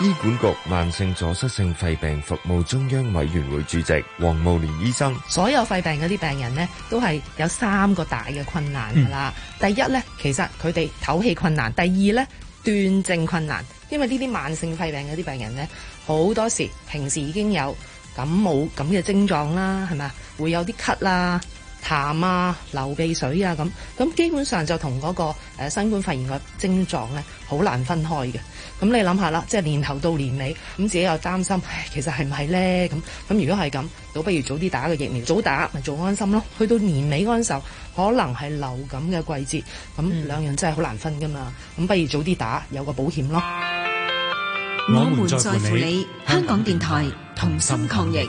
醫管局慢性阻塞性肺病服務中央委員會主席黃慕蓮醫生，所有肺病嗰啲病人呢，都係有三個大嘅困難噶啦。嗯、第一呢，其實佢哋唞氣困難；第二呢，斷症困難。因為呢啲慢性肺病嗰啲病人呢，好多時平時已經有感冒咁嘅症狀啦，係咪啊？會有啲咳啦。痰啊、流鼻水啊咁，咁基本上就同嗰個誒新冠肺炎個症狀咧，好難分開嘅。咁你諗下啦，即係年頭到年尾，咁自己又擔心，其實係唔係咧？咁咁如果係咁，倒不如早啲打個疫苗，早打咪早安心咯。去到年尾嗰陣時候，可能係流感嘅季節，咁兩樣真係好難分噶嘛。咁不如早啲打，有個保險咯。我們在乎你，香港電台同心抗疫。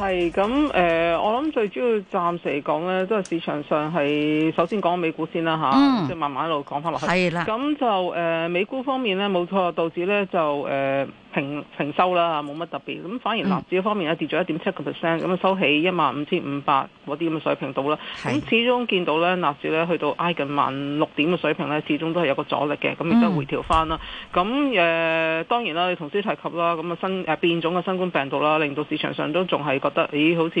係咁誒，我諗最主要暫時嚟講咧，都係市場上係首先講美股先啦嚇，即係慢慢一路講翻落去。係啦、嗯，咁就誒、呃、美股方面咧，冇錯，導致咧就誒。呃平平收啦，冇乜特別。咁反而納指方面咧跌咗一點七個 percent，咁收起一萬五千五百嗰啲咁嘅水平度啦。咁是始終見到咧納指咧去到挨近萬六點嘅水平咧，始終都係有個阻力嘅，咁亦都回調翻啦。咁誒、嗯呃、當然啦，你頭先提及啦，咁啊新啊、呃、變種嘅新冠病毒啦，令到市場上都仲係覺得咦，好似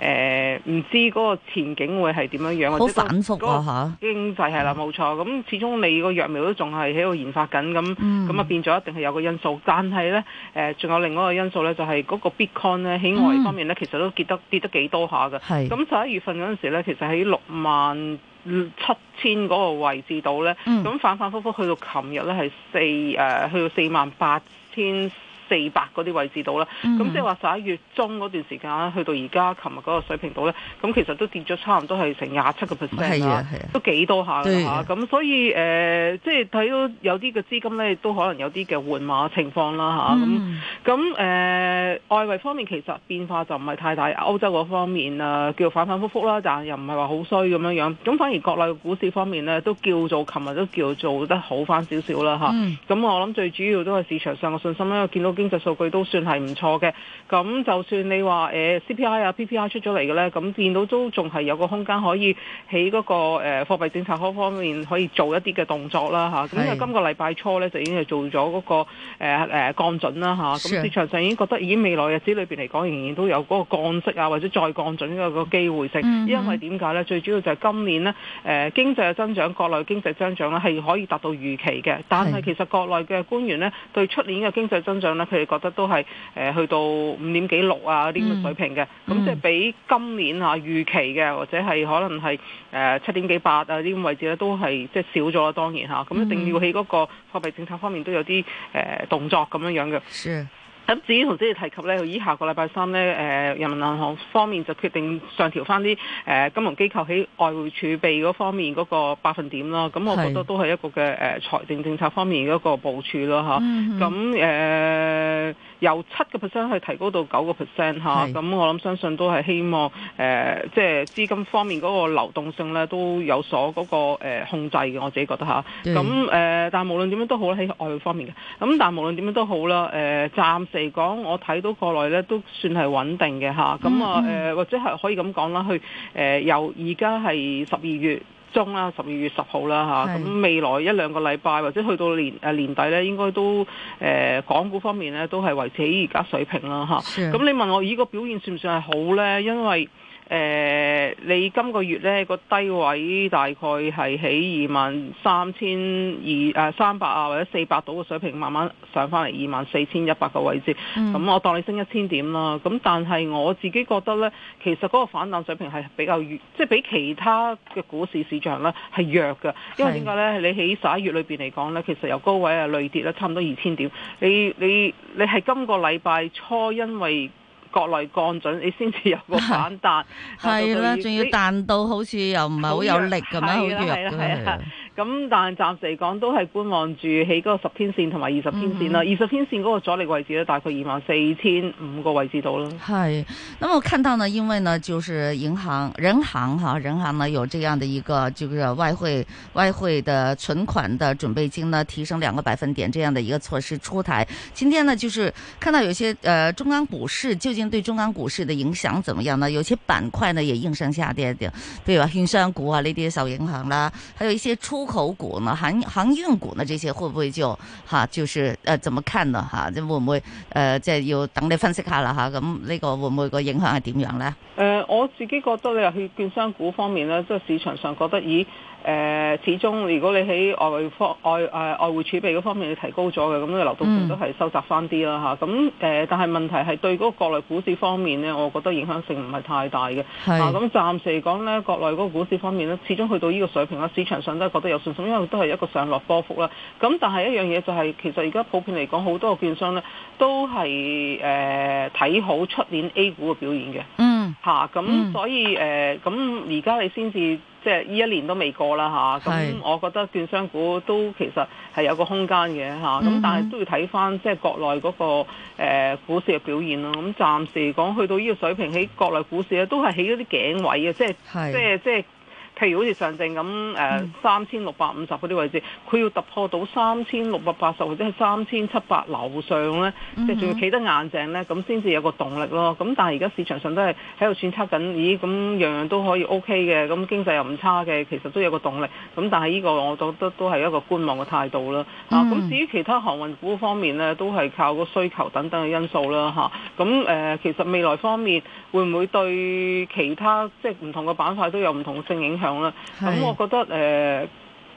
誒唔知嗰個前景會係點樣樣，或者反覆嚇、啊、經濟係啦冇錯。咁始終你個藥苗都仲係喺度研發緊，咁咁啊變咗一定係有個因素，但係。誒，仲有另外一個因素咧，就係嗰個 Bitcoin 咧喺外方面咧，其實都跌得、嗯、跌得幾多下嘅。咁十是一月份嗰陣時咧，其實喺六萬七千嗰個位置度咧，咁、嗯、反反復復去到琴日咧，係四誒去到四萬八千。四百嗰啲位置度啦，咁、嗯、即係話十一月中嗰段時間去到而家琴日嗰個水平度咧，咁其實都跌咗差唔多係成廿七個 percent 啦，都幾多下啦。咁所以誒、呃，即係睇到有啲嘅資金咧，都可能有啲嘅換馬情況啦。咁咁外圍方面其實變化就唔係太大，歐洲嗰方面啊，叫反反覆覆啦，但係又唔係話好衰咁樣樣。咁反而國內嘅股市方面咧，都叫做琴日都叫做得好翻少少啦。咁我諗最主要都係市場上嘅信心啦，見到。經濟數據都算係唔錯嘅，咁就算你話誒、呃、CPI 啊 PPI 出咗嚟嘅呢，咁見到都仲係有個空間可以喺嗰、那個誒貨幣政策嗰方面可以做一啲嘅動作啦嚇。咁是、啊、因為今個禮拜初呢，就已經係做咗嗰、那個誒、呃、降準啦嚇，咁、啊、是市場上已經覺得已經未來日子裏邊嚟講仍然都有嗰個降息啊或者再降準嘅個機會性。嗯，嗯因為點解呢？最主要就係今年咧誒、呃、經濟嘅增長，國內經濟增長咧係可以達到預期嘅，但係其實國內嘅官員呢，對出年嘅經濟增長咧。佢哋覺得都係誒、呃、去到五點幾六啊啲咁嘅水平嘅，咁、嗯、即係比今年嚇、啊、預期嘅，或者係可能係誒七點幾八啊啲咁位置咧，都係即係少咗當然嚇，咁、啊、一定要喺嗰個貨幣政策方面都有啲誒、呃、動作咁樣樣嘅。是。咁至於同自己提及咧，以下個禮拜三咧，誒人民銀行方面就決定上調翻啲誒金融機構喺外匯儲備嗰方面嗰個百分點咯。咁我覺得都係一個嘅誒財政政策方面嘅一個部署咯，嚇是。咁誒、呃、由七個 percent 去提高到九個 percent 嚇。咁、啊、是我諗相信都係希望誒、呃、即係資金方面嗰個流動性咧都有所嗰個控制嘅。我自己覺得嚇。咁誒是、呃、但無論點樣都好喺外匯方面嘅。咁但無論點樣都好啦，誒、呃嚟講，我睇到國內咧都算係穩定嘅嚇，咁啊誒，或者係可以咁講啦，去、呃、誒由而家係十二月中啦，十二月十號啦嚇，咁、啊、是未來一兩個禮拜或者去到年誒年底咧，應該都誒、呃、港股方面咧都係維持喺而家水平啦嚇。咁、啊、的你問我呢個表現算唔算係好咧？因為誒、呃，你今個月咧、嗰個低位大概係喺二萬三千二啊三百啊或者四百度嘅水平，慢慢上返嚟二萬四千一百個位置。咁、嗯、我當你升一千點啦。咁但係我自己覺得咧，其實嗰個反彈水平係比較弱，即、就、係、是、比其他嘅股市市場咧係弱㗎。因為點解咧？你喺十一月裏邊嚟講咧，其實由高位啊累跌咧，差唔多二千點。你你你係今個禮拜初因為，國內降準，你先至有個反彈，係啦、 啊，仲要，要彈到好似又唔係好有力咁樣，好弱咁但係暫時嚟講都係觀望住起嗰個十天線同埋二十天線啦，二十、嗯、哼天線嗰個阻力位置都大概二萬四千五個位置度啦。係，那麼我看到呢，因為呢就是銀行、人行哈，人行呢有這樣的一個就是外匯外匯的存款的準備金呢提升兩個百分點這樣的一個措施出台。今天呢就是看到有些呃中港股市究竟對中港股市的影響怎麼樣呢？有些板塊呢也應聲下跌啲，譬如話券商股啊呢啲小銀行啦，還有一些出出口股呢，航航運股呢，這些會不會就吓、啊？就是誒、呃，怎麼看呢？吓、啊，即會唔會誒，即係要等你分析下啦？吓、啊，咁、這、呢個會唔會個影響係點樣咧？誒、呃，我自己覺得你咧，去券商股方面咧，即、就、係、是、市場上覺得，咦。誒，始終如果你喺外匯方外誒、呃、外匯儲備嗰方面你提高咗嘅，咁你流動性都係收窄返啲啦嚇。咁誒、嗯啊，但係問題係對嗰個國內股市方面呢，我覺得影響性唔係太大嘅。係是。啊、咁暫時嚟講呢，國內嗰個股市方面呢，始終去到呢個水平喇，市場上都係覺得有信心，因為都係一個上落波幅啦。咁但係一樣嘢就係、是，其實而家普遍嚟講，好多嘅券商呢都係誒睇好出年 A 股嘅表現嘅。嗯咁、吓嗯、所以誒，咁而家你先至即係呢一年都未過啦咁、吓、是我覺得券商股都其實係有個空間嘅咁、吓、但係都要睇翻即係國內嗰、嗰個、呃、股市嘅表現啦。咁、嗯、暫時講去到呢個水平喺國內股市咧，都係起咗啲頸位嘅，即係是即係即係。譬如好似上證咁，誒三千六百五十嗰啲位置，佢要突破到三千六百八十或者係三千七百樓上咧，即係仲、mm hmm. 要企得硬淨咧，咁先至有個動力咯。咁但係而家市場上都係喺度揣測緊，咦咁樣樣都可以 O K 嘅，咁經濟又唔差嘅，其實都有個動力。咁但係呢個我覺得都係一個觀望嘅態度啦。吓、mm，咁、hmm. 啊、至於其他航運股方面咧，都係靠個需求等等嘅因素啦，吓、啊，咁、啊、誒其實未來方面會唔會對其他即係唔同嘅板塊都有唔同性影響。咁、嗯、我覺得誒、呃，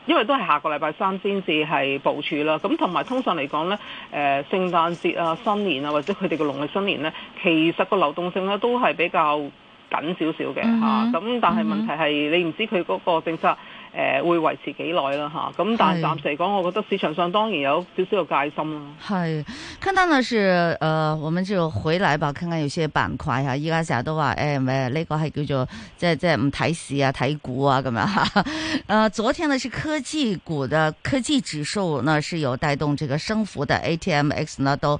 因為都係下個禮拜三先至係部署啦。咁同埋通常嚟講咧，誒、呃，聖誕節啊、新年啊，或者佢哋嘅農曆新年咧，其實個流動性咧都係比較緊少少嘅吓。咁、嗯哼啊、但係問題係、嗯、哼你唔知佢嗰個政策。誒會維持幾耐啦嚇，咁但係暫時嚟講，我覺得市場上當然有少少嘅戒心啦。係，看但呢，是、呃、誒，我們就回來吧。看看有些板塊嚇，依家成日都話誒咩呢個係叫做即係即係唔睇市啊，睇股啊咁樣嚇。誒，昨天呢是科技股的科技指數呢是有帶動這個升幅的，ATMX 呢都。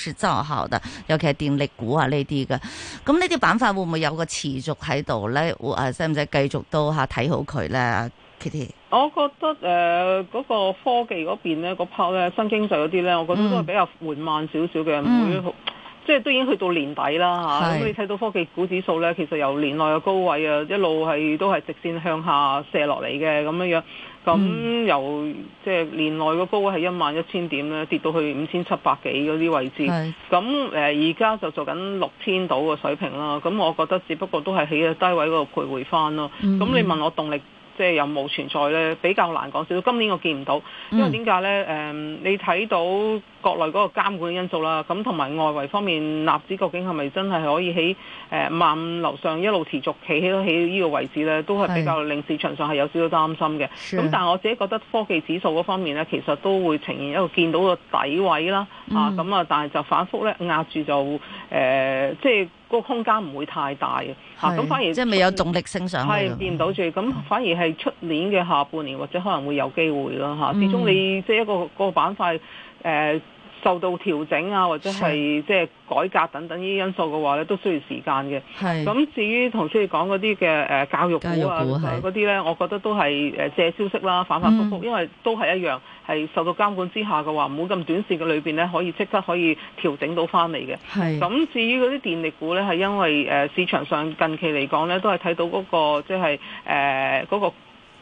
是真學校的，尤其係電力股啊呢啲嘅，咁呢啲板塊會唔會有個持續喺度咧？會誒，使唔使繼續都吓睇好佢咧 Kiki 我覺得誒，嗰、呃那個科技嗰邊咧，嗰 part 咧，新經濟嗰啲咧，我覺得都係比較緩慢少少嘅，唔會即係都已經去到年底啦吓。咁你睇到科技股指數咧，其實由年內嘅高位啊，一路係都係直線向下射落嚟嘅咁樣樣。咁、嗯、由即係年內個高位係一萬一千點咧，跌到去五千七百幾嗰啲位置。咁而家就在做緊六千度個水平啦。咁我覺得只不過都係喺個低位嗰度徘徊翻咯。咁、嗯、你問我動力即係、就是、有冇存在呢？比較難講。至少今年我見唔到，因為點解呢？誒、呃，你睇到。國內嗰個監管因素啦，咁同埋外圍方面納指究竟係咪真係可以喺誒萬樓上一路持續企喺度起呢個位置咧，都係比較令市場上係有少少擔心嘅。咁的但係我自己覺得科技指數嗰方面咧，其實都會呈現一個見到個底位啦，嚇咁啊！但係就反覆咧壓住就誒，即、呃、係、就是、個空間唔會太大嘅嚇。咁的反而即係未有動力升上去，見唔到住咁反而係出年嘅下半年或者可能會有機會啦嚇。嗯、始終你即係一個一個板塊。誒、呃、受到調整啊，或者係即係改革等等呢啲因素嘅話咧，都需要時間嘅。係是。咁至於同書你講嗰啲嘅誒教育股啊，嗰啲咧，我覺得都係借消息啦，反反覆覆，嗯、因為都係一樣，係受到監管之下嘅話，唔好咁短線嘅裏邊咧，可以即刻可以調整到翻嚟嘅。咁是至於嗰啲電力股咧，係因為、呃、市場上近期嚟講咧，都係睇到嗰個即係誒嗰個。即係、呃、嗰個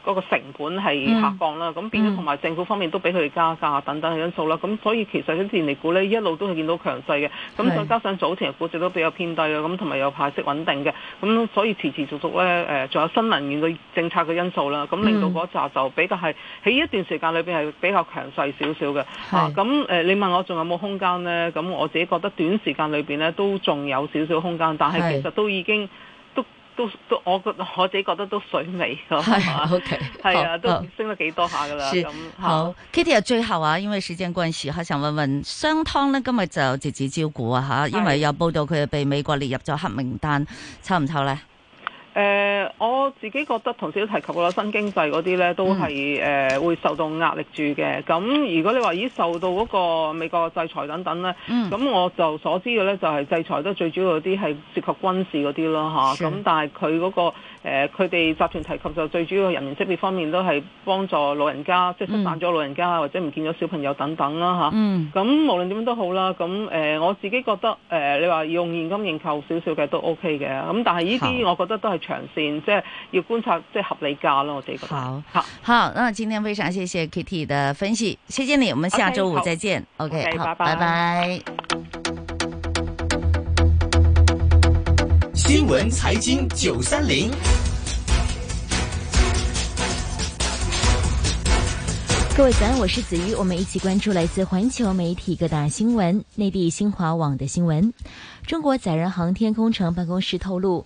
嗰個成本係下降啦，咁、嗯、變咗同埋政府方面都俾佢哋加價等等嘅因素啦，咁、嗯、所以其實電力股呢，一路都係見到強勢嘅，咁是再加上早前嘅估值都比較偏低嘅，咁同埋有派息穩定嘅，咁所以持時續續呢，誒、呃，仲有新能源嘅政策嘅因素啦，咁、嗯、令到嗰扎就比較係喺一段時間裏邊係比較強勢少少嘅，咁誒是、啊呃、你問我仲有冇空間呢？咁我自己覺得短時間裏邊呢，都仲有少少空間，但係其實都已經。都都，我覺我自己覺得都水尾，咁係 OK 係啊，好都升得幾多下噶啦咁。是樣好 so.，Kitty 又最後啊，因為時間關係吓，想問問商湯咧今日就截止招股啊吓，的因為有報道佢被美國列入咗黑名單，抽唔抽咧？誒、呃、我自己覺得，同事都提及過啦，新經濟嗰啲咧都係誒、嗯呃、會受到壓力住嘅。咁如果你話已受到嗰個美國制裁等等咧，咁、嗯、我就所知嘅咧就係制裁都最主要啲係涉及軍事嗰啲咯嚇。咁、啊、是但係佢嗰個佢哋、呃、集團提及就最主要人臉識別方面都係幫助老人家，嗯、即係失散咗老人家或者唔見咗小朋友等等啦嚇。咁、啊嗯啊、無論點樣都好啦。咁、啊、誒、呃、我自己覺得誒、呃、你話用現金認購少少嘅都 O K 嘅。咁、啊、但係呢啲我覺得都係。長線即係要觀察，即係合理價咯。我哋好，好，那今天非常謝謝 Kitty 的分析，謝謝你，我們下周五再見。OK，okay 好，okay, bye bye 拜拜。新聞財經九三零，各位早晨，我是梓瑜，我們一起關注來自環球媒體各大新聞，內地新華網的新聞，中國載人航天工程辦公室透露。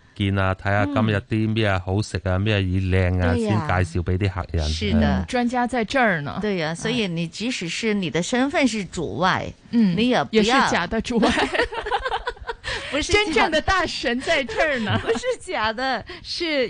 見啊，睇下今日啲咩好食啊，咩魚靚啊，呀先介紹俾啲客人。是啊呢，專、嗯、家在這呢。對啊，所以你即使是你的身份是主外，嗯，你也不要也是假的主外， 真正的大神在這呢， 不是假的，是。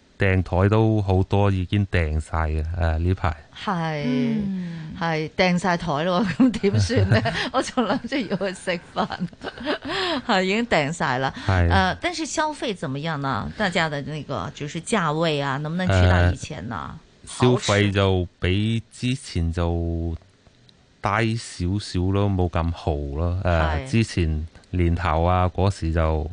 訂台都好多，已經訂晒嘅。誒、啊，是嗯、訂呢排係係訂晒台咯，咁點算咧？我就諗住要去食飯，係 已經訂晒啦。誒、啊啊，但是消費怎麼樣呢？大家的那個就是價位啊，能唔能回到以前啊？啊消費就比之前就低少少咯，冇咁豪咯。誒、啊，啊、之前年頭啊嗰時就。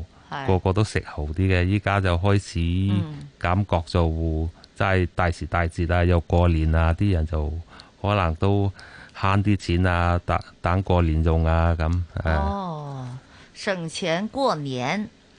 個個都食好啲嘅，依家就開始感覺就真係大時大節啊，又過年啊，啲人就可能都慳啲錢啊，等等過年用啊咁。這樣哦，省錢過年。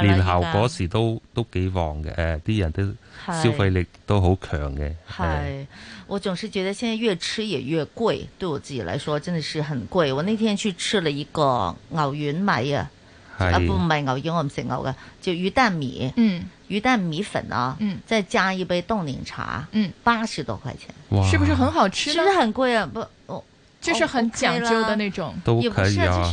年後果時都都幾旺嘅，誒，啲人都消費力都好強嘅。係，我總是覺得現在越吃越越貴，對我自己來說真的是很貴。我那天去吃了一個牛丸米啊，啊，不唔係牛丸，我唔食牛嘅，就魚蛋米，嗯，魚蛋米粉啊，嗯，再加一杯凍檸茶，嗯，八十多塊錢，哇，是不是很好吃？是不是很貴啊？不，哦就是很講究的那種，都可以啊。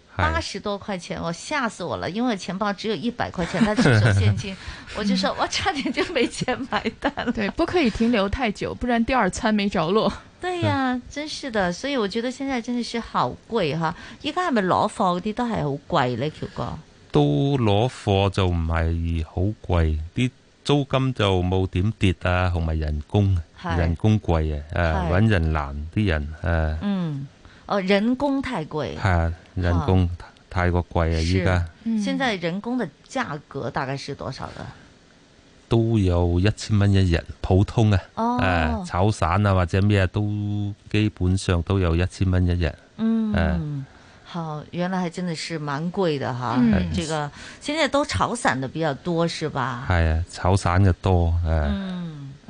八十多塊錢，我吓死我了，因為我錢包只有一百塊錢，他只收現金，我就說我差點就沒錢買單了 對。不可以停留太久，不然第二餐沒着落。 對呀，真是的，所以我覺得現在真的是好貴哈，而家係咪攞貨啲都係好貴呢橋哥。嗯、都攞貨就唔係好貴，啲租金就冇點跌啊，同埋人工， 人工貴啊，誒、 啊，搵人難，啲人誒。啊、嗯。人工太貴。啊、哦，人工太過貴啊，依家。現在人工的價格大概是多少嘅？都有一千蚊一日，普通嘅。哦、啊。炒散啊或者咩都基本上都有一千蚊一日。嗯。啊、好，原來係真的是蠻貴的哈。啊、嗯。這個現在都炒散的比較多，是吧？係啊，炒散嘅多誒。啊、嗯。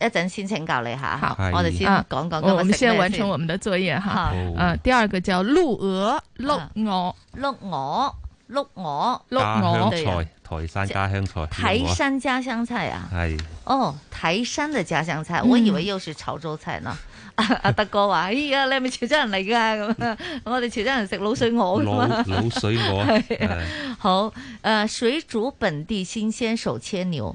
一陣先請教你吓，好，我哋先講講。咁，我們先完成我們的作業哈。嗯，第二個叫碌鵝碌鵝碌鵝碌鵝碌鵝，台山家鄉菜，台山家鄉菜啊，係哦，台山嘅家鄉菜，我以為又是潮州菜咯。阿德哥話：，咦呀，你係咪潮州人嚟噶？咁，我哋潮州人食卤水鵝，卤水鵝，好，誒，水煮本地新鮮手切牛。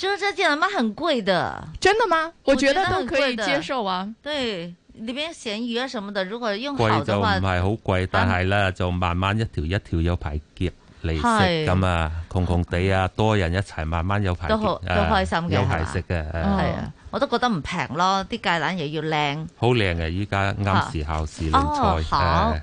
就這芥蘭麥很貴的，真的嗎？我覺得都可以接受啊。對，裏邊鹹魚啊什麼的，如果用好的話，唔係好貴，但係咧就慢慢一條一條有排結嚟食咁啊，窮窮地啊，多人一齊慢慢有排都好都開心嘅，有排食嘅，係啊，我都覺得唔平咯，啲芥蘭又要靚，好靚嘅，依家啱時候時令菜。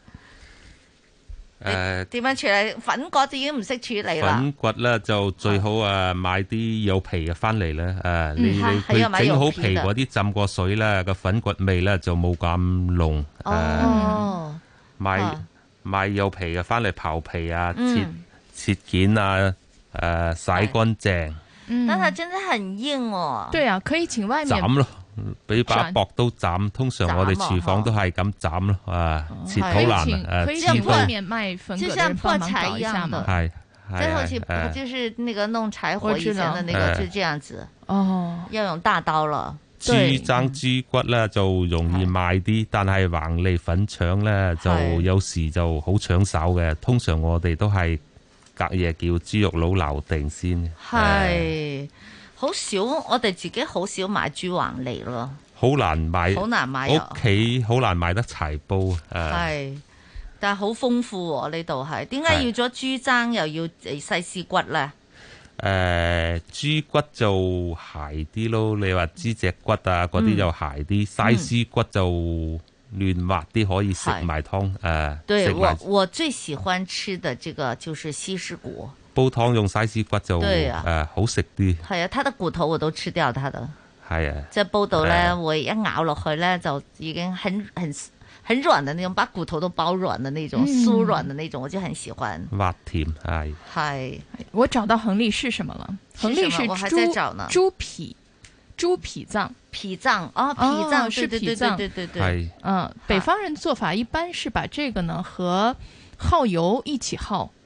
誒，點樣處理粉骨都已經唔識處理啦。粉骨咧就最好啊，買啲有皮嘅翻嚟咧，誒，你整好皮嗰啲浸過水啦，個粉骨味咧就冇咁濃。哦，買買有皮嘅翻嚟刨皮啊，切切件啊，誒，洗乾淨。但係真的很硬哦。對啊，可以請外面。斬咯。俾把薄刀斬，通常我哋廚房都係咁斬咯，啊，切肚腩啊，切粉，就像破柴一樣，係。再後期就是那個弄柴火以前嘅，那個，就這樣子。哦，要用大刀了。豬踭豬骨咧就容易賣啲，但係橫脷粉腸咧就有時就好搶手嘅。通常我哋都係隔夜叫豬肉佬留定先。係。好少，我哋自己好少買豬橫脷咯。好難買，好難買，屋企好難買得柴煲。係、呃，但係好豐富喎呢度係。點解要咗豬踭又要西施骨咧？誒、呃，豬骨就鞋啲咯，你話豬脊骨啊，嗰啲就鞋啲。嗯、西施骨就嫩滑啲，可以食埋湯誒。是呃、對完我我最喜歡吃的這個就是西施骨。煲湯用西施骨就誒好食啲。係啊，它的骨頭我都吃掉它的。係啊。即係煲到咧，我一咬落去咧，就已經很很很軟的那種，把骨頭都包軟的那種，酥軟的那種，我就很喜歡。滑甜係。係，我找到橫脷是什麼了？橫脷是豬豬皮。豬脾臟脾臟啊脾臟是脾臟對對對。係。嗯，北方人做法一般是把這個呢和蠔油一起耗。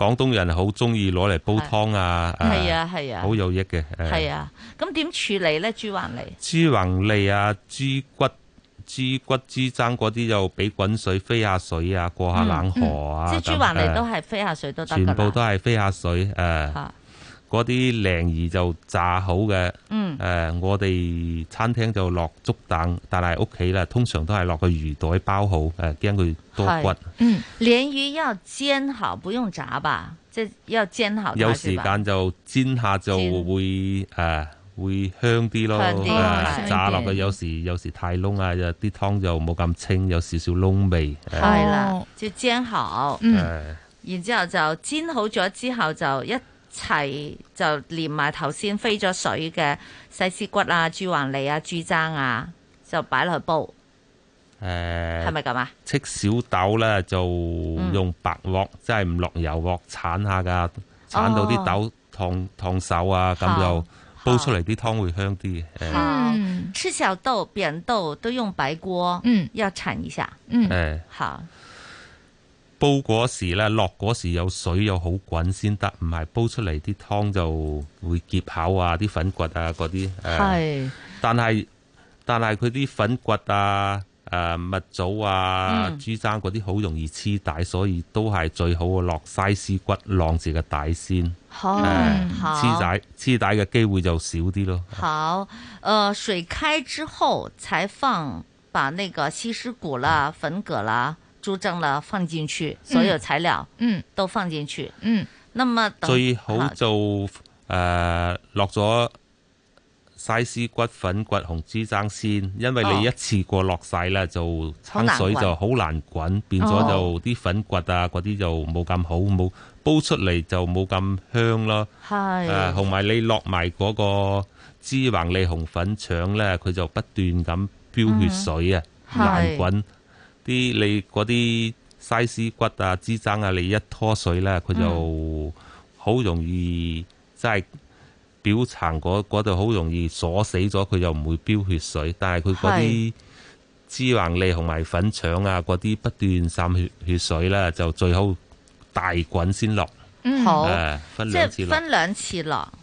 廣東人好中意攞嚟煲湯啊，係啊，係啊，好、啊、有益嘅。係啊，咁點、啊、處理咧？豬橫脷。豬橫脷啊，豬骨、豬骨、豬踭嗰啲又俾滾水飛下水啊，嗯、過下冷河啊。嗯、即豬橫脷都係飛下水都得。全部都係飛下水誒。啊啊嗰啲鯪魚就炸好嘅，誒、嗯呃，我哋餐廳就落竹凳，但係屋企啦，通常都係落個魚袋包好，誒、呃，驚佢多骨。嗯，鯪魚要煎好，不用炸吧？即係要煎好。有時間就煎下，就會誒煎、啊，會香啲咯。嗯、炸落去有時有時太燶啊，啲湯就冇咁清，有少少燶味。係、呃、啦，即係煎好。嗯、然之後就煎好咗之後就一。齊就連埋頭先飛咗水嘅細絲骨啊、豬橫脷啊、豬踭啊，就擺落去煲。誒、欸，係咪咁啊？赤小豆咧就用白鑊，嗯、即係唔落油鑊鏟下噶，鏟到啲豆燙燙手啊，咁就煲出嚟啲湯會香啲。好嗯，赤、嗯、小豆、扁豆都用白鍋，嗯，要鏟一下，嗯，誒、欸，好煲嗰時啦，落嗰時有水又好滾先得，唔係煲出嚟啲湯就會結口啊，啲粉骨啊嗰啲。係。但係但係佢啲粉骨啊、誒蜜棗啊、豬踭嗰啲好容易黐底，所以都係最好啊落西施骨晾住個底先。好，黐底黐底嘅機會就少啲咯。好，誒、呃，水開之後才放，把那個西施骨啦、粉葛啦。嗯煮蒸啦，放進去，所有材料，嗯，都放進去，嗯。那麼最好就誒落咗西施骨粉骨紅豬踭先，因為你一次過落晒啦，就湯水就好難滾，變咗就啲粉骨啊嗰啲就冇咁好，冇煲出嚟就冇咁香咯。係，誒，同埋你落埋嗰個支橫脷紅粉腸咧，佢就不斷咁飆血水啊，難滾。啲你嗰啲西施骨啊、豬踭啊，你一拖水咧、啊，佢就好容易即係、嗯、表層嗰度好容易鎖死咗，佢又唔會飆血水。但係佢嗰啲豬橫脷同埋粉腸啊嗰啲不斷滲血血水咧、啊，就最好大滾先落。嗯，好，啊分嗯、即係分兩次落。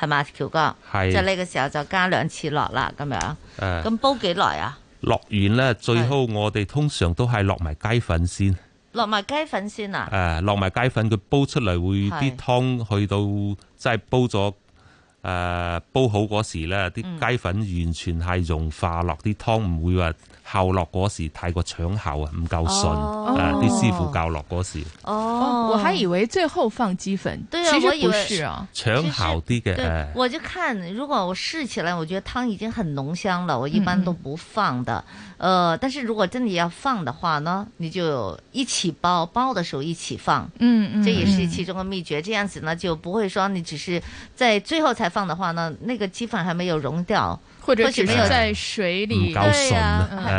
係嘛，橋哥，是就呢個時候就加兩次落啦，咁樣。誒、呃，咁煲幾耐啊？落完咧，最好我哋通常都係落埋雞粉先。落埋雞粉先啊！誒、呃，落埋雞粉，佢煲出嚟會啲湯是去到即係、就是、煲咗誒、呃、煲好嗰時咧，啲雞粉完全係融化落啲、嗯、湯，唔會話。後落嗰時太過搶喉啊，唔夠順，誒，啲師傅教落嗰時。哦，我還以為最後放雞粉，其實不是啊，我以為搶喉啲嘅。我就看如果我試起來，我覺得湯已經很濃香了，我一般都不放的。呃，但是如果真的要放的話呢，你就一起煲，煲的時候一起放。嗯嗯。這也是其中的秘訣，這樣子呢就不會說你只是在最後才放的話呢，那個雞粉還沒有溶掉，或者只是在水裏，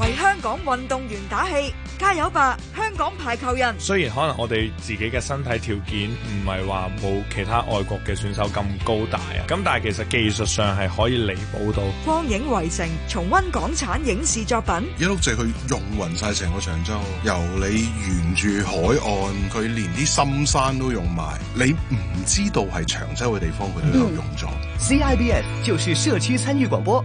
為香港運動員打氣，加油吧，香港排球人！雖然可能我哋自己嘅身體條件唔係話冇其他外國嘅選手咁高大啊，咁但係其實技術上係可以彌補到。光影圍城，重温港產影視作品。一路借佢用匀晒成個長洲。由你沿住海岸，佢連啲深山都用埋，你唔知道係長洲嘅地方，佢都有用咗。CIBS、嗯、就是社區參與廣播。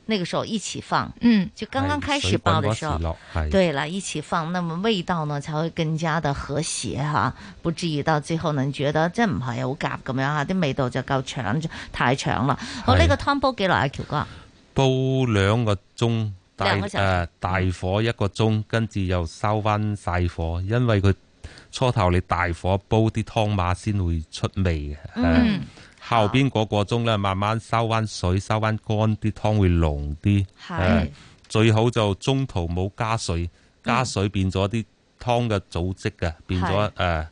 那個時候一起放，嗯，就剛剛開始煲的時候，對啦，一起放，那麼味道呢才會更加的和諧哈，不至於到最後呢覺得即係唔係好夾咁樣吓，啲味道就夠長，太長啦。好、哦，呢、這個湯煲幾耐啊，喬哥？煲兩個鐘大兩個、呃，大火一個鐘，跟住又收翻細火，因為佢初頭你大火煲啲湯馬先會出味嘅。嗯後邊嗰個鐘咧，慢慢收返水，收返乾，啲湯會濃啲。係是、呃、最好就中途冇加水，加水變咗啲湯嘅組織呀，變咗誒，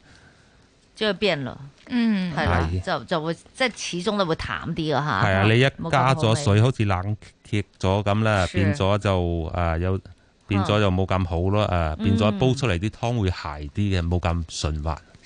即係是、呃、變咯。嗯，係啦是是，就會就會即係始終都會淡啲嘅吓。係是啊，你一加咗水，水好似冷卻咗咁咧，變咗就誒有變咗就冇咁好咯。誒、呃，變咗、呃嗯、煲出嚟啲湯會鞋啲嘅，冇咁順滑。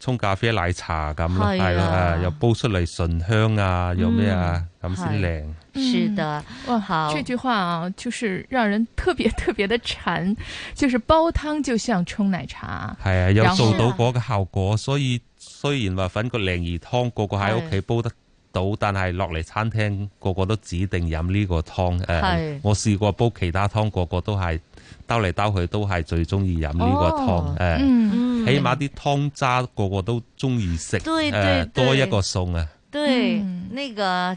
沖咖啡、奶茶咁係咯，誒、啊，啊、又煲出嚟醇香啊，嗯、又咩啊，咁先靚。是的，哇，好！這句話啊，就是讓人特別特別的饞，就是煲湯就像沖奶茶。係啊，有做到嗰個效果，所以雖然話粉葛鯪魚湯，個個喺屋企煲得到，是但係落嚟餐廳個個都指定飲呢個湯。誒、呃，是我試過煲其他湯，個個都係。兜嚟兜去都係最中意飲呢個湯，誒、哦，嗯嗯、起碼啲湯渣個個都中意食誒，多一個餸啊！對，呢、嗯那個。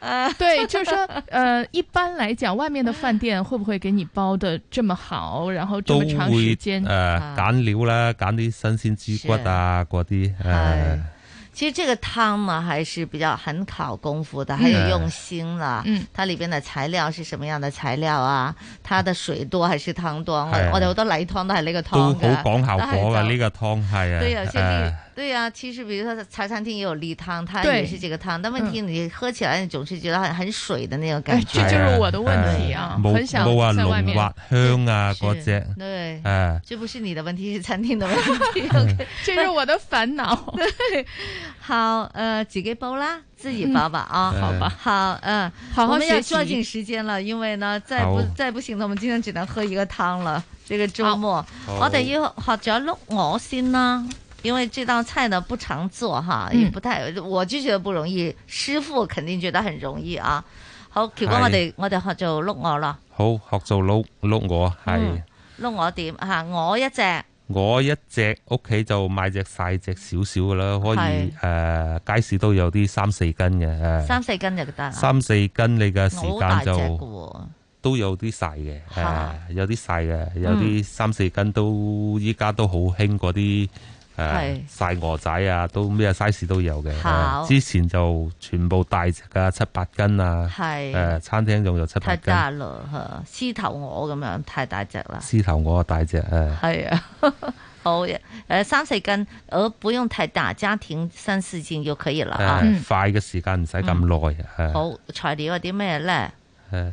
呃，對，就是說，呃，一般來講，外面的飯店會不會給你煲的這麼好，然後這麼長時間？都會，呃，揀料啦，揀啲新鮮豬骨啊，嗰啲。唉，其實這個湯呢還是比較很考功夫的，還有用心啦。嗯，它裡邊的材料是什麼樣的材料啊？它的水多還是湯多？係我都好多例湯都係呢個湯嘅。都好講效果嘅呢個湯係啊。對啊，謝謝。對呀，其實比如說茶餐廳也有例湯，它也是這個湯，但問題你喝起來你總是覺得很很水的那種感覺。這就是我的問題啊！想冇話龍骨香啊？嗰隻對，這不是你的問題，是餐廳的問題。OK，這是我的煩惱。好，呃，幾個煲啦，自己煲吧啊，好吧。好，嗯，我們要抓緊時間了，因為呢，再不再不行了，我們今天只能喝一個湯了。這個周末，我哋要喝要碌鵝先啦。因為這道菜呢不常做哈，也不太，我就覺得不容易，師傅肯定覺得很容易啊。好，聽講我哋我哋學做碌鵝咯。好，學做碌碌鵝，係碌鵝點吓？鵝一隻，鵝一隻，屋企就買隻細隻少少嘅啦，可以誒，街市都有啲三四斤嘅。三四斤就得。三四斤你嘅時間就都有啲細嘅，有啲細嘅，有啲三四斤都依家都好興嗰啲。係晒，鵝仔啊，都咩 size 都有嘅好、啊。之前就全部大隻啊，七八斤啊。係是。誒、啊，餐廳用又七八斤。太大咯吓，獅、啊、頭鵝咁樣太大隻啦。獅頭鵝大隻誒。係啊，是啊 好誒，三四斤，我不用太大，家庭三四斤就可以了啊。啊快嘅時間唔使咁耐好，材料係啲咩咧？啊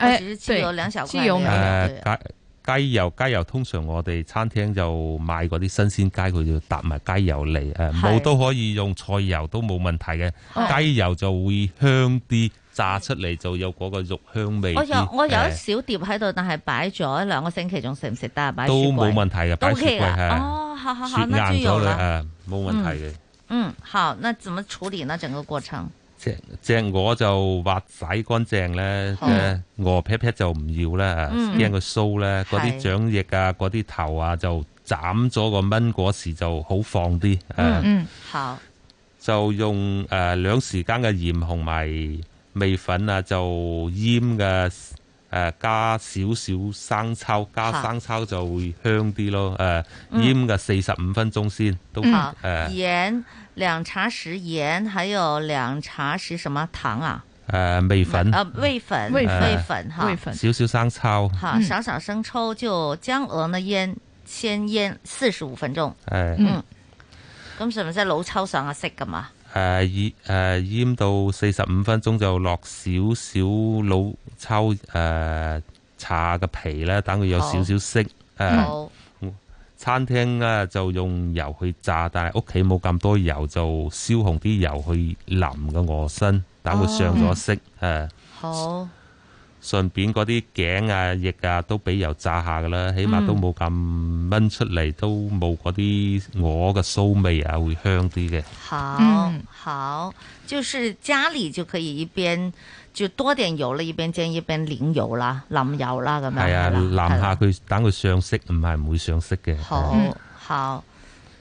誒，雞油兩小塊，誒雞雞油雞油通常我哋餐廳就買嗰啲新鮮雞，佢就搭埋雞油嚟。誒，冇都可以用菜油都冇問題嘅。雞油就會香啲，炸出嚟就有嗰個肉香味。我有我有一小碟喺度，但係擺咗兩個星期，仲食唔食得？擺都冇問題嘅，都 OK 噶。哦，好好好，雪硬咗啦，冇問題嘅。嗯，好，那怎麼處理呢？整個過程？隻隻鵝就劃洗乾淨咧，鵝劈劈就唔要啦，驚佢騷咧，嗰啲掌翼啊，嗰啲頭啊，就斬咗個炆嗰時就好放啲。嗯嗯，好，啊、就用誒兩、呃、時間嘅鹽同埋味粉啊，就醃嘅誒、呃，加少少生抽，好加生抽就會香啲咯。誒、呃，嗯、醃嘅四十五分鐘先都誒。嗯兩茶匙鹽，還有兩茶匙什麼糖啊？誒、呃，味粉，誒、呃，味粉，味味粉，粉粉哈，少少生抽，哈，少少生抽就將鵝呢醃，先醃四十五分鐘。係，嗯，咁使唔使老抽上下色㗎嘛？誒、呃，以、呃、誒醃到四十五分鐘就落少少老抽，誒、呃，茶嘅皮咧，等佢有少少色，誒好。呃嗯餐廳啊就用油去炸，但係屋企冇咁多油，就燒紅啲油去淋個鵝身，等佢上咗色，誒、哦，嗯啊、好，順便嗰啲頸啊、翼啊都俾油炸下噶啦，起碼都冇咁燜出嚟，嗯、都冇嗰啲鵝嘅酥味啊，會香啲嘅。好，嗯、好，就是家裏就可以一邊。就多啲油啦，一邊煎一邊淋油啦、淋油啦咁樣啦。係啊，淋下佢等佢上色，唔係唔會上色嘅。好、哦嗯，好，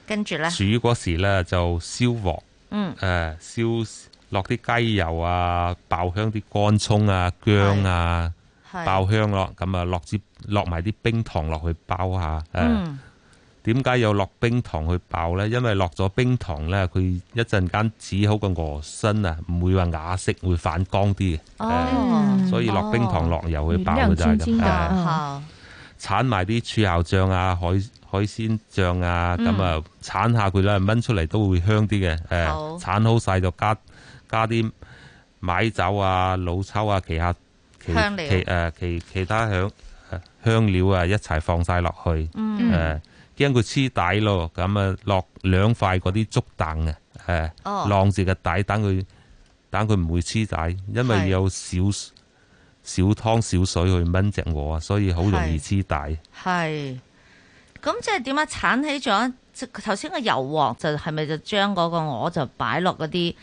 跟住咧，煮嗰時咧就燒鑊，嗯，誒、嗯，燒落啲雞油啊，爆香啲乾葱啊、薑啊，係，爆香咯，咁啊落支落埋啲冰糖落去包下，嗯。嗯。點解有落冰糖去爆咧？因為落咗冰糖咧，佢一陣間煮好個鵝身啊，唔會話啞色，會反光啲嘅。哦，所以落冰糖落油去爆就係咁。哦，咁樣纖纖噶，鏟埋啲柱侯醬啊、海海鮮醬啊，咁啊，鏟下佢啦，炆出嚟都會香啲嘅。好，鏟好晒就加加啲米酒啊、老抽啊，其他香料，其誒其其他香香料啊一齊放晒落去。嗯。誒。驚佢黐底咯，咁啊，落兩塊嗰啲竹凳嘅，誒，晾住個底等佢，等佢唔會黐底，因為有少少湯少水去燜隻鵝啊，所以好容易黐底。係，咁即係點啊？鏟起咗，即係頭先個油鑊就係咪就將嗰個鵝就擺落嗰啲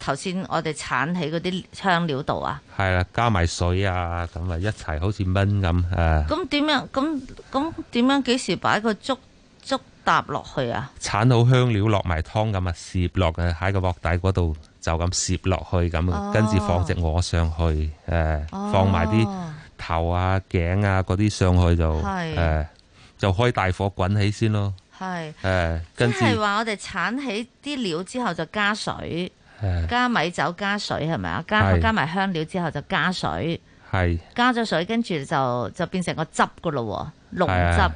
頭先我哋鏟起嗰啲香料度啊？係啦，加埋水啊，咁啊，一齊好似燜咁誒。咁點樣？咁咁點樣？幾時擺個竹？搭落去啊！鏟好香料落埋湯咁啊，攝落去喺個鍋底嗰度就咁攝落去咁啊，跟住放隻鵝上去，誒，放埋啲頭啊、頸啊嗰啲上去就，誒，就開大火滾起先咯。係誒，跟住即係話我哋鏟起啲料之後就加水，加米酒加水係咪啊？加加埋香料之後就加水，係加咗水跟住就就變成個汁噶咯，濃汁。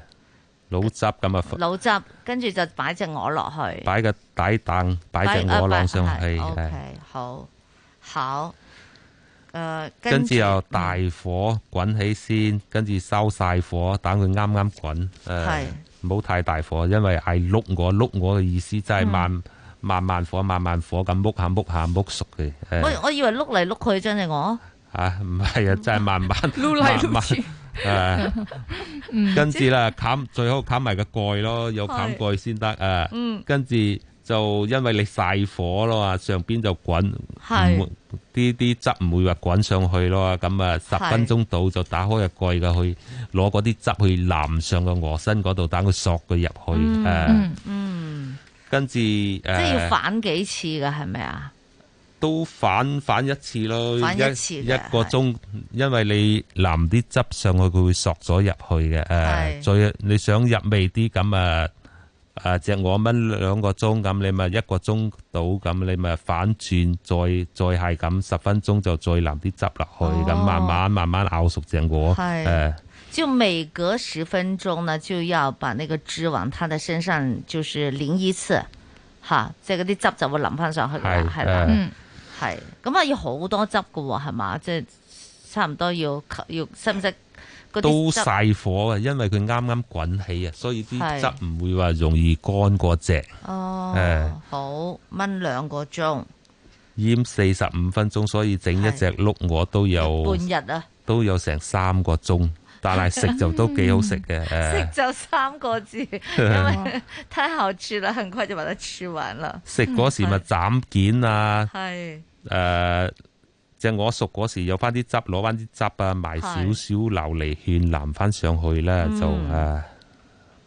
滷汁咁啊，滷汁，跟住就擺隻鵝落去，擺個底凳，擺隻鵝落上去，好，好，誒，跟住又大火滾起先跟住收晒火等佢啱啱滾，誒，唔好太大火，因為係碌我碌我嘅意思即係慢慢慢火慢慢火咁碌下碌下碌熟嘅。我我以為碌嚟碌去真係我。啊，唔係啊，真係慢慢慢慢。誒， 嗯、跟住啦，冚最好冚埋個蓋咯，有冚蓋先得啊。嗯，跟住就因為你細火咯啊，上邊就滾，係啲啲汁唔會話滾上去咯。咁啊，十分鐘到就打開個蓋噶，去攞嗰啲汁去淋上個鵝身嗰度，等佢索佢入去。誒、嗯，嗯，跟住誒，即係要反幾次噶，係咪啊？都反反一次咯，反一次一,一個鐘，的因為你淋啲汁上去，佢會索咗入去嘅。誒的，再你想入味啲咁啊，啊隻鵝炆兩個鐘，咁你咪一個鐘到，咁你咪反轉，再再係咁十分鐘就再淋啲汁落去，咁、哦、慢慢慢慢熬熟隻鵝。誒的，嗯、就每隔十分鐘呢，就要把那個汁往它的身上就是淋一次，哈的，即係嗰啲汁就會淋翻上去係啦。的係，咁啊要好多汁噶喎，係嘛，即係差唔多要要識唔識都曬火啊，因為佢啱啱滾起啊，所以啲汁唔會話容易乾過隻。哦是，是好燜兩個鐘，腌四十五分鐘，所以整一隻碌鵝都有，是都有半日啊，都有成三個鐘。但係食就都幾好食嘅，食、嗯、就三個字，嗯、因為太豪處啦，很快就揾得處揾啦。食嗰、嗯、時咪斬件啊，誒是，即係、呃就是、我熟嗰時，有翻啲汁，攞翻啲汁啊，埋少少琉璃芡，勸淋翻上去啦，就誒，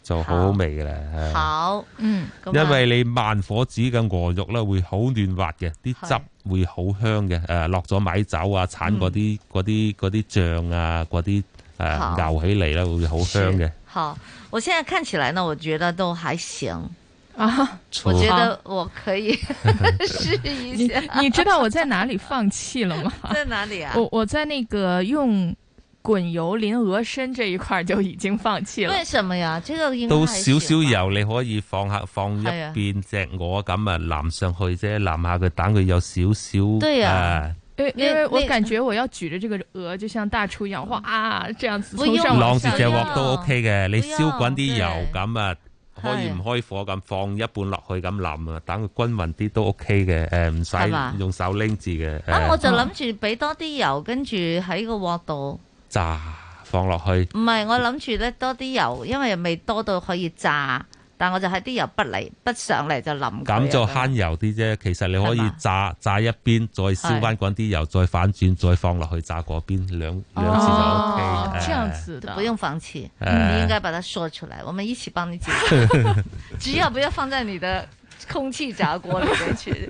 就好味啦。好，嗯，因為你慢火煮嘅鵝肉咧，會好嫩滑嘅，啲汁會好香嘅，誒是、呃，落咗米酒啊，鏟嗰啲嗰啲啲醬啊，嗰啲。牛起嚟啦，會好香嘅。好，我現在看起來呢，我覺得都還行啊，我覺得我可以、啊、試一下你。你知道我在哪裏放棄了嗎？在哪裏啊？我我在那個用滾油淋鵝身這一塊就已經放棄了。為什麼呀？這個應該都少少油，你可以放下放一邊隻鵝咁啊淋上去啫，淋下佢等佢有少少。對呀、啊。啊因為我感覺我要舉着這個鵝，就像大廚一樣話，哇、啊，這樣子。唔用。晾住隻鑊都 OK 嘅，用你燒滾啲油咁啊，可以唔開火咁放一半落去咁淋啊，等佢均勻啲都 OK 嘅。誒，唔使用手拎住嘅。啊，我就諗住俾多啲油，跟住喺個鑊度炸放落去。唔係，我諗住咧多啲油，因為又未多到可以炸。但我就係啲油不嚟，不上嚟就冧。咁就慳油啲啫。其實你可以炸吧炸一邊，再燒翻滾啲油，再反轉，再放落去炸嗰邊兩兩次就 O K。哦呃、這樣子，不用放棄。呃、你應該把它說出來，我們一起幫你解決。只 要不要放在你的空氣炸鍋裏面去。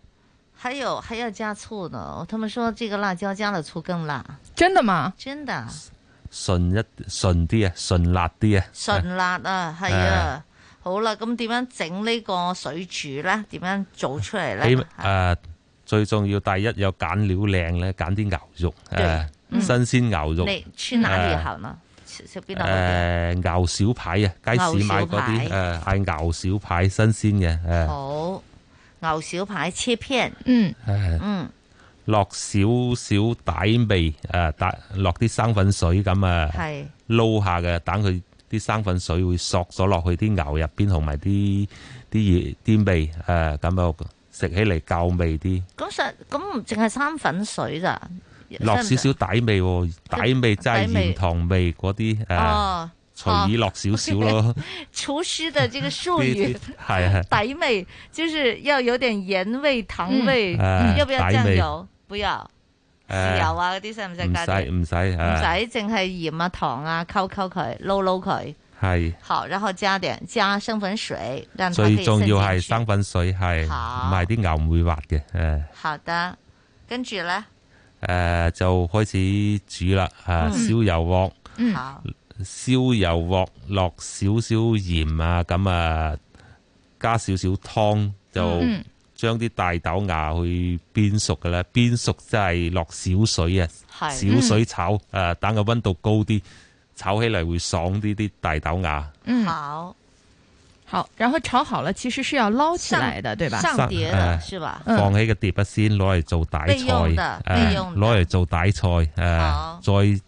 還有還要加醋呢他們說這個辣椒加了醋更辣，真的嗎？真的，順一順啲啊，順辣啲啊，順辣啊，係啊。好啦，咁點樣整呢個水煮咧？點樣做出嚟咧？誒，最重要第一有揀料靚咧，揀啲牛肉，新鮮牛肉。你去哪裏好呢？食邊度？誒，牛小排啊，街市買嗰啲誒，嗌牛小排新鮮嘅，誒。好。牛小排切片，嗯，嗯，落少少底味，誒，打落啲生粉水咁啊，係撈下嘅，等佢啲生粉水會索咗落去啲牛入邊，同埋啲啲嘢啲味，誒，咁啊食起嚟夠味啲。咁實咁淨係生粉水咋？落少少底味，底味即係鹽糖味嗰啲，誒。隨意落少少咯，廚師的這個術語係係底味，就是要有點鹽味、糖味，嗯、要不要醬油？呃、不要，豉、呃、油啊嗰啲使唔使？唔使唔使，唔使淨係鹽啊糖啊，溝溝佢撈撈佢。係的好，然後加點加生粉水，讓它可以滲滲，最重要係生粉水係，唔係啲牛唔會滑嘅。誒，好的，跟住咧，誒、呃、就開始煮啦，啊燒油鑊、嗯。嗯。嗯燒油鑊落少少鹽啊，咁啊加少少湯，就將啲大豆芽去煸熟嘅啦，煸熟即係落少水啊，少水炒誒，等個溫度高啲，炒起嚟會爽啲啲大豆芽。嗯，好，好，然後炒好了，其實是要撈起來的，對吧？上，上碟是吧？啊、放起個碟不，先攞嚟做底菜，攞嚟，啊、做底菜誒，啊、好再。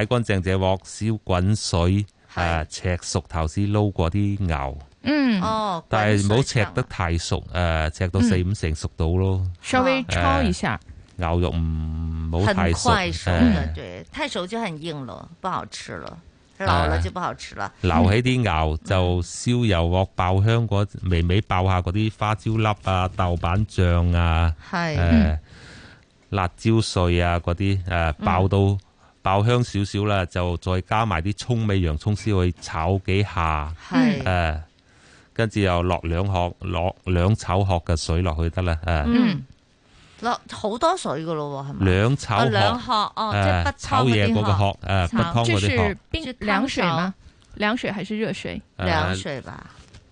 洗乾淨隻鑊，燒滾水，誒赤熟頭先撈過啲牛，嗯哦，但係唔好赤得太熟，誒赤到四五成熟到咯，稍微焯一下。牛肉唔好太熟，誒，對，太熟就很硬咯，不好吃了，老了就不好吃了。留起啲牛就燒油鑊爆香嗰，微微爆下嗰啲花椒粒啊、豆瓣醬啊、誒辣椒碎啊嗰啲，誒爆到。爆香少少啦，就再加埋啲蔥味洋蔥絲去炒幾下，誒是，跟住、呃、又落兩殼，落兩炒殼嘅水去、呃嗯、落去得啦，誒，落好多水噶咯，係咪？兩炒殼、啊，哦、啊、即係煲湯嘅殼。這是冰涼水嗎？涼水還是熱水？涼水吧。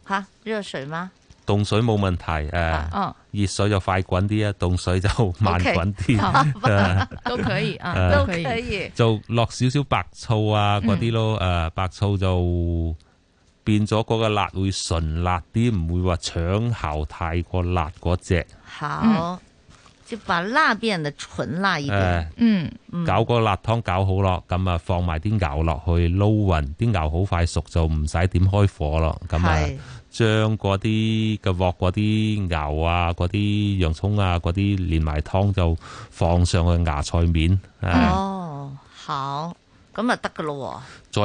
吓、呃，熱水嗎？凍水冇問題，誒、呃。啊哦熱水就快滾啲啊，凍水就慢滾啲、okay。都可以啊， 啊都可以。就落少少白醋啊，嗰啲咯，誒、嗯，白醋就變咗嗰個辣會純辣啲，唔會話搶喉太過辣嗰隻。好，嗯、就把辣變得純辣一點。啊、嗯，搞、嗯、個辣湯搞好咯，咁啊放埋啲牛落去撈勻，啲牛好快熟就唔使點開火咯，咁啊。將嗰啲嘅鑊嗰啲牛啊，嗰啲洋蔥啊，嗰啲連埋湯就放上去芽菜面。哦，好，咁啊得噶咯。再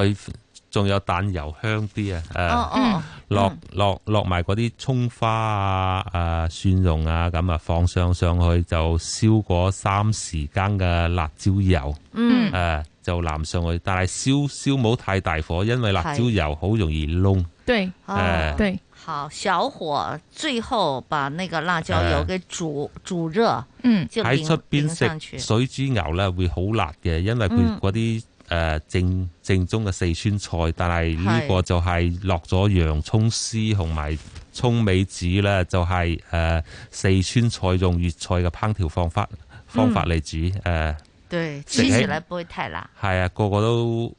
仲有蛋油香啲啊，誒、哦，落落落埋嗰啲蔥花啊，誒、啊、蒜蓉啊，咁啊放上上去就燒過三匙羹嘅辣椒油。嗯，誒、啊、就淋上去，但係燒燒冇太大火，因為辣椒油好容易㶶。對，哦、對好小火，最後把那個辣椒油給煮、呃、煮，煮熱，嗯，喺出邊食水煮牛咧會好辣嘅，因為佢嗰啲誒正正宗嘅四川菜，但係呢個就係落咗洋葱絲同埋葱尾子呢就係、是、誒、呃、四川菜用粵菜嘅烹調方法、嗯、方法嚟煮誒，呃、對，食起嚟不會太辣，係啊，個個都。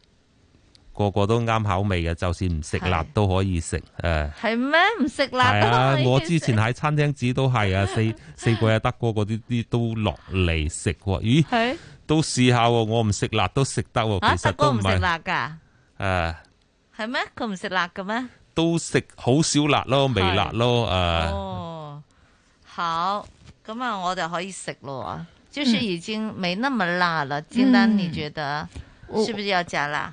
個個都啱口味嘅，就算唔食辣都可以食誒。係咩？唔食辣？啊，我之前喺餐廳煮都係啊，四四個阿德哥啲啲都落嚟食。咦？都試下，我唔食辣都食得。其實都唔食辣噶。誒，係咩？佢唔食辣嘅咩？都食好少辣咯，微辣咯。哦，好。咁啊，我就可以食咯。就是已經未那麼辣了，金丹你覺得是不是要加辣？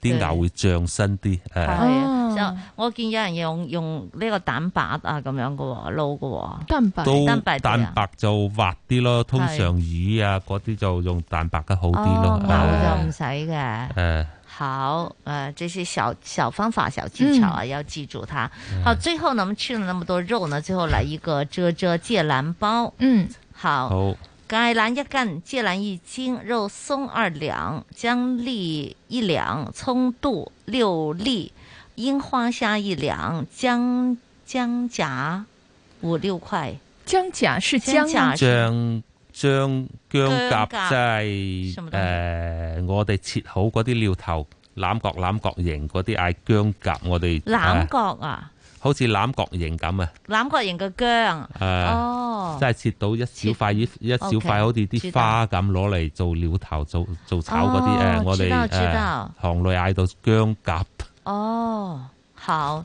啲牛會漲身啲，誒，就我見有人用用呢個蛋白啊咁樣嘅，撈嘅，蛋白蛋白就滑啲咯，通常魚啊嗰啲就用蛋白得好啲咯，牛就唔使嘅。誒，好，誒，這是小小方法小技巧啊，要記住它。好，最後呢，我們吃了那麼多肉呢，最後來一個啫啫芥蘭煲。嗯，好。芥蘭一斤，芥蘭一斤，肉鬆二兩，薑粒一兩，蔥度六粒，櫻花蝦一兩，薑薑甲五六塊。薑甲是薑甲是。薑薑薑甲即係誒，我哋切好嗰啲料頭，欖角欖角型嗰啲嗌薑甲，我哋欖、哎、角啊。好似欖角形咁啊！欖角形嘅薑，呃、哦，即係切到一小塊，切一小塊，好似啲花咁，攞嚟做料頭，道做做炒嗰啲誒，我哋誒，行內嗌到薑甲。哦，好。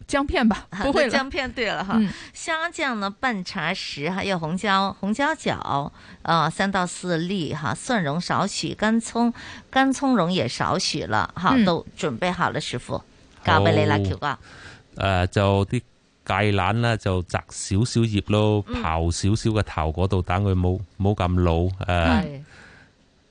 薑片吧，不會了。啊、薑片對了、嗯、哈，蝦醬呢半茶匙，還有紅椒，紅椒角啊三到四粒哈，蒜蓉少許，乾葱，乾葱蓉也少許了、嗯、哈，都準備好了，師傅交俾你啦，橋哥。誒好吧、呃，就啲芥蘭啦，就摘少少葉咯，刨少少嘅頭嗰度，等佢冇冇咁老誒。呃嗯嗯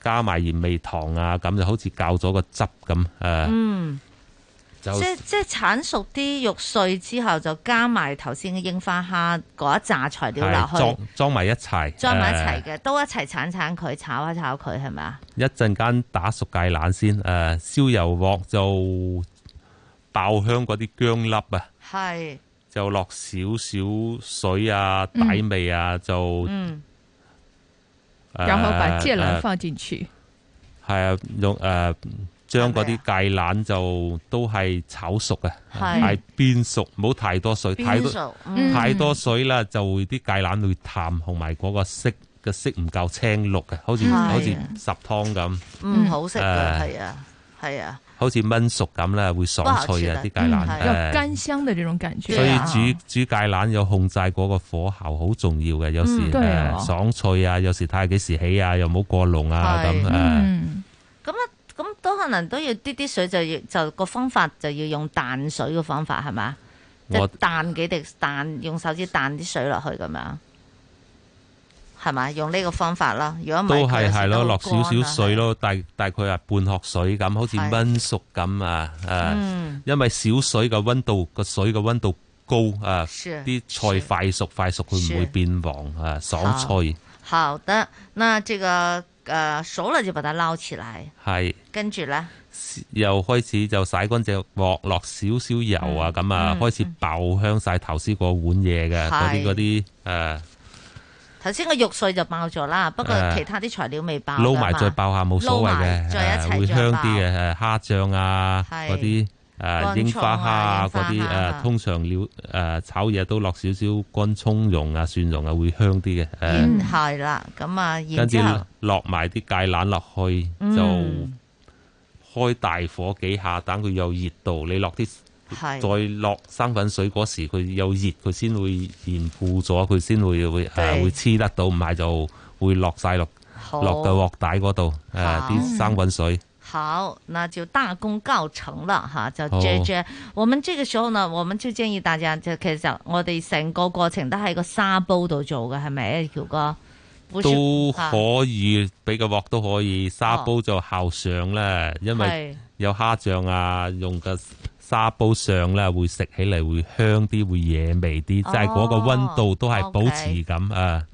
加埋鹽、味糖啊，咁就好似教咗個汁咁誒。嗯，就即即鏟熟啲肉碎之後，就加埋頭先嘅櫻花蝦嗰一紮材料落去，裝裝埋一齊，裝埋一齊嘅，呃、都一齊鏟鏟佢，炒一炒佢，係咪啊？一陣間打熟芥蘭先，誒、呃，燒油鑊就爆香嗰啲薑粒啊，係是，就落少少水啊，底味啊，嗯、就。嗯然後把芥蘭放進去，係、呃、啊，用、呃、誒將嗰啲芥蘭就都係炒熟嘅，係變嗎熟，唔好太多水，太多、嗯、太多水啦，就會啲芥蘭會淡，同埋嗰個色個色唔夠青綠嘅，好似好似十湯咁，唔好食嘅，係啊，係啊。好似炆熟咁啦，會爽脆啊啲芥蘭嘅，甘、嗯呃、香的呢種感覺。的所以煮煮芥蘭有控制嗰個火候好重要嘅，有時、嗯、爽脆啊，有時睇下幾時起啊，又冇過龍啊咁啊。咁都可能都要啲啲水就，就要就、那個方法就要用彈水嘅方法係咪？即係彈幾滴彈用手指彈啲水落去咁樣。係嘛？用呢個方法啦，如果都係係咯，落少少水咯，大大概啊半殼水咁，好似燜熟咁啊，誒，因為少水嘅溫度個水嘅溫度高啊，啲菜快熟，快熟佢唔會變黃啊，爽脆。好得，那這個誒熟了就把它撈起嚟。係，跟住咧，又開始就洗乾淨，鑊落少少油啊，咁啊，開始爆香晒頭先嗰碗嘢嘅嗰啲嗰啲誒。頭先個肉碎就爆咗啦，不過其他啲材料未爆，撈埋、啊、再爆下冇所謂嘅、啊，會香啲嘅。誒，蝦醬啊，嗰啲誒，櫻花蝦啊，嗰啲誒，通常料誒、啊、炒嘢都落少少乾葱蓉啊、蒜蓉啊，會香啲嘅。啊、嗯，係啦，咁啊，然之後落埋啲芥蘭落去，嗯、就開大火幾下，等佢有熱度，你落啲。再落生粉水嗰時候，佢有熱，佢先會凝固咗，佢先會對、啊、會誒會黐得到，唔係就會落晒好落落到鑊底嗰度誒啲生粉水。好，那就大功告成了吓，就追追好我們這個時候呢，我們就建議，大家。就其實我哋成個過程都喺個砂煲度做嘅，係咪，喬哥？都可以，畀個鑊都可以，砂煲就好上啦，哦、因為有蝦醬啊，用嘅。沙煲上咧，會食起嚟會香啲、哦，會惹味啲，即係嗰個温度都係保持咁啊。